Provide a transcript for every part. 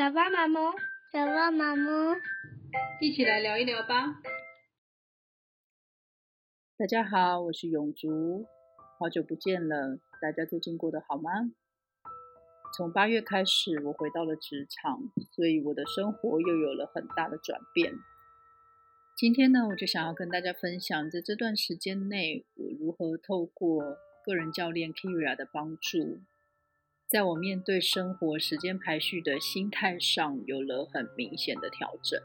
小巴瑪矇？小巴瑪矇？媽媽媽媽一起來聊一聊吧。大家好，我是永竹，好久不見了，大家最近過得好嗎？從八月開始，我回到了職場，所以我的生活又有了很大的轉變。今天呢，我就想要跟大家分享，在這段時間內，我如何透過個人教練 Kyria 的幫助。在我面對生活時間排序的心態上，有了很明顯的調整。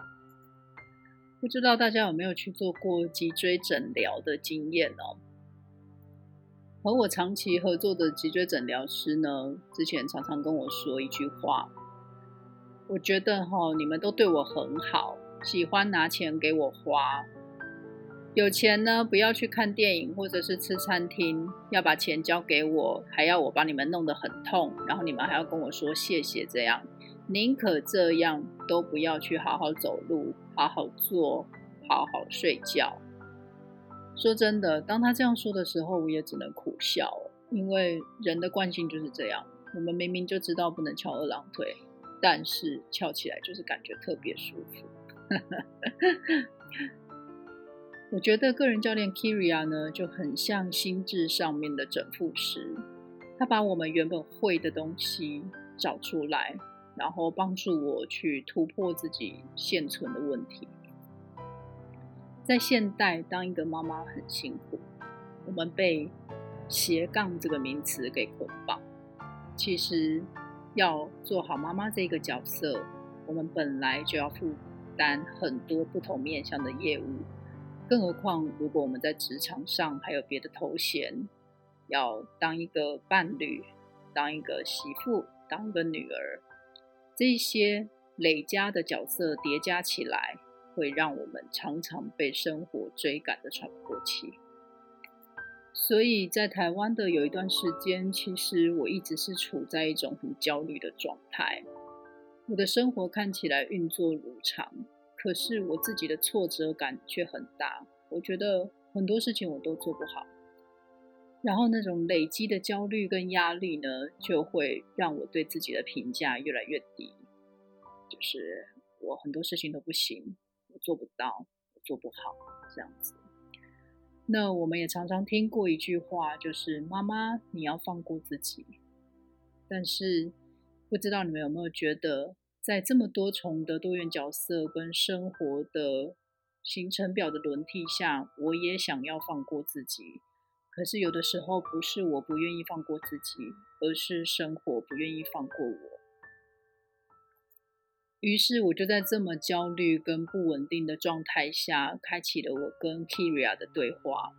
不知道大家有沒有去做過脊椎診療的經驗哦？和我長期合作的脊椎診療師呢，之前常常跟我說一句話，我覺得哈、哦，你們都對我很好，喜歡拿錢給我花。有錢呢，不要去看電影或者是吃餐廳，要把錢交給我，還要我把你們弄得很痛，然後你們還要跟我說謝謝，這樣寧可這樣都不要去好好走路、好好坐、好好睡覺。說真的，當他這樣說的時候，我也只能苦笑哦，因為人的慣性就是這樣。我們明明就知道不能翹二郎腿，但是翹起來就是感覺特別舒服。 我覺得個人教練 Kyria 呢，就很像心智上面的整復師，他把我們原本會的東西找出來，然後幫助我去突破自己現存的問題。在現代，當一個媽媽很辛苦，我們被「斜槓」這個名詞給捆綁。其實要做好媽媽這個角色，我們本來就要負擔很多不同面向的業務。更何況，如果我們在職場上還有別的頭銜，要當一個伴侶，當一個媳婦，當一個女兒，這些累加的角色疊加起來，會讓我們常常被生活追趕的喘不過氣。所以在台灣的有一段時間，其實我一直是處在一種很焦慮的狀態。我的生活看起來運作如常。可是我自己的挫折感卻很大，我覺得很多事情我都做不好，然後那種累積的焦慮跟壓力呢，就會讓我對自己的評價越來越低，就是我很多事情都不行，我做不到，我做不好這樣子。那我們也常常聽過一句話，就是媽媽你要放過自己，但是不知道你們有沒有覺得？在這麼多重的多元角色跟生活的行程表的輪替下，我也想要放過自己。可是有的時候不是我不願意放過自己，而是生活不願意放過我。於是我就在這麼焦慮跟不穩定的狀態下，開啟了我跟 Kyria 的對話。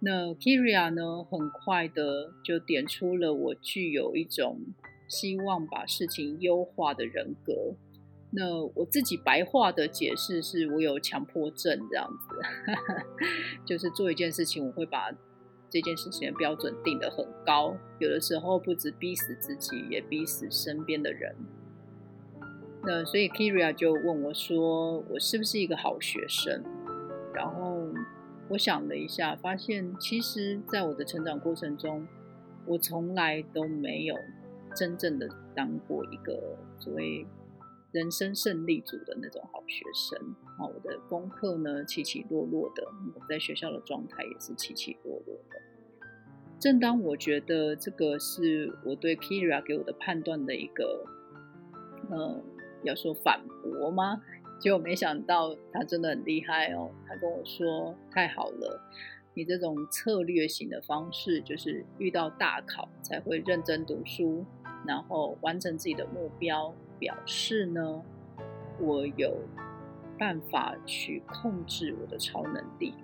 那 Kyria 呢，很快的就點出了我具有一種希望把事情優化的人格，那我自己白話的解釋是我有強迫症這樣子， 就是做一件事情，我會把這件事情的標準定得很高，有的時候不止逼死自己，也逼死身邊的人。那所以 Kyria 就問我說：“我是不是一個好學生？”然後我想了一下，發現其實在我的成長過程中，我從來都沒有。真正的當過一個所謂人生勝利組的那種好學生啊，那我的功課呢，起起落落的，我在學校的狀態也是起起落落的。正當我覺得這個是我對 Kyria 給我的判斷的一個，嗯、呃，要說反駁嗎？結果沒想到他真的很厲害哦，他跟我說：“太好了，你這種策略型的方式，就是遇到大考才會認真讀書。”然後完成自己的目標，表示呢，我有辦法去控制我的超能力。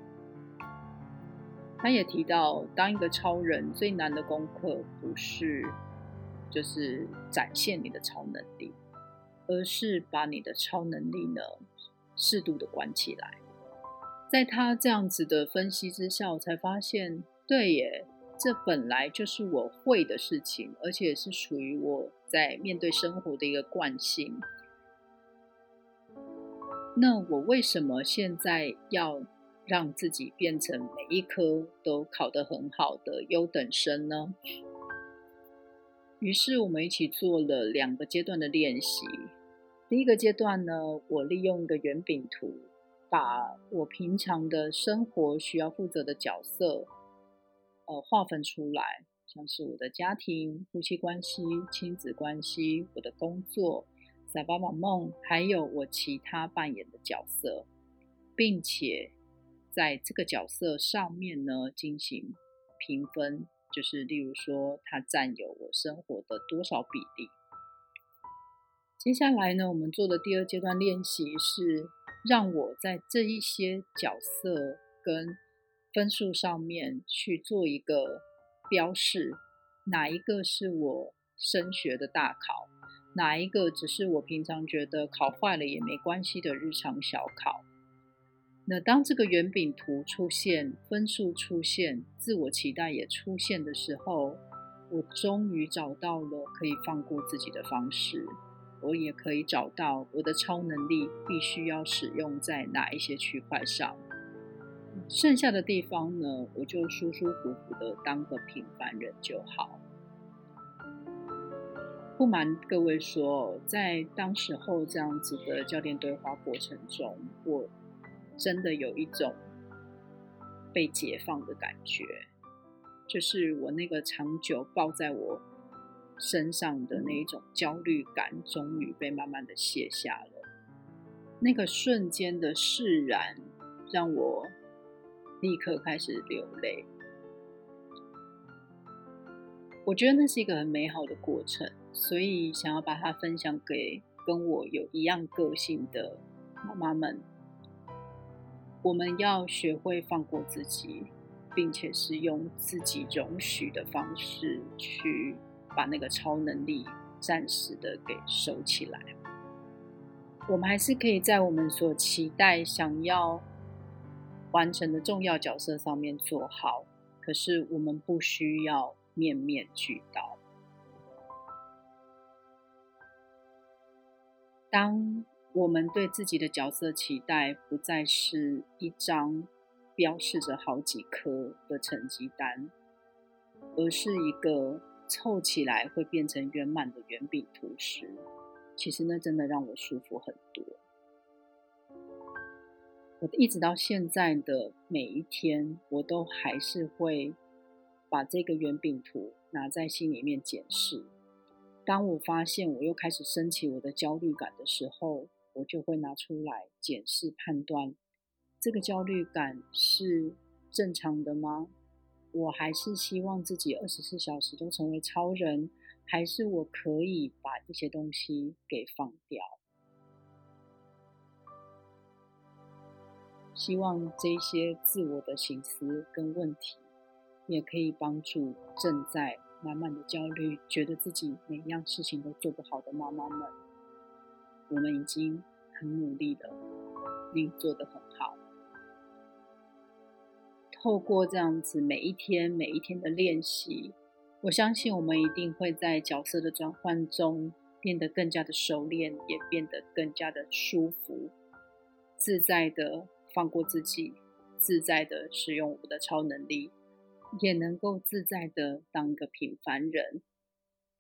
他也提到，當一個超人最難的功課不是就是展現你的超能力，而是把你的超能力呢適度的關起來。在他這樣子的分析之下，我才發現，對耶。這本來就是我會的事情，而且是屬於我在面對生活的一個慣性。那我為什麼現在要讓自己變成每一科都考得很好的優等生呢？於是我們一起做了兩個階段的練習。第一個階段呢，我利用一個圓餅圖，把我平常的生活需要負責的角色。呃，劃分出來，像是我的家庭、夫妻關係、親子關係、我的工作、撒巴瑪矇，還有我其他扮演的角色，並且在這個角色上面呢，進行評分，就是例如說他占有我生活的多少比例。接下來呢，我們做的第二階段練習是讓我在這一些角色跟。分數上面去做一個標示，哪一個是我升學的大考，哪一個只是我平常覺得考壞了也沒關係的日常小考。那當這個圓餅圖出現，分數出現，自我期待也出現的時候，我終於找到了可以放過自己的方式，我也可以找到我的超能力必須要使用在哪一些區塊上。剩下的地方呢，我就舒舒服服的當個平凡人就好。不瞞各位說，在當時候這樣子的教練對話過程中，我真的有一種被解放的感覺，就是我那個長久抱在我身上的那一種焦慮感，終於被慢慢的卸下了。那個瞬間的釋然，讓我立刻開始流淚，我覺得那是一個很美好的過程，所以想要把它分享給跟我有一樣個性的媽媽們。我們要學會放過自己，並且是用自己容許的方式去把那個超能力暫時的給收起來。我們還是可以在我們所期待、想要。完成的重要角色上面做好，可是我們不需要面面俱到。當我們對自己的角色期待不再是一張標示着好幾科的成績單，而是一個湊起來會變成圓滿的圓餅圖時，其實那真的讓我舒服很多。我一直到現在的每一天，我都還是會把這個圓餅圖拿在心裡面檢視。當我發現我又開始升起我的焦慮感的時候，我就會拿出來檢視判斷，這個焦慮感是正常的嗎？我還是希望自己二十四小時都成為超人，還是我可以把一些東西給放掉？希望這些自我的省思跟問題，也可以幫助正在滿滿的焦慮、覺得自己每樣事情都做不好的媽媽們。我們已經很努力了，你做得很好。透過這樣子每一天、每一天的練習，我相信我們一定會在角色的轉換中變得更加的熟練，也變得更加的舒服、自在的。放過自己，自在的使用我的超能力，也能夠自在的當一個平凡人，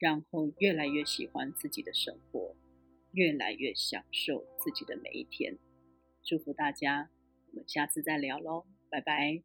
然後越來越喜歡自己的生活，越來越享受自己的每一天。祝福大家，我們下次再聊嘍，拜拜。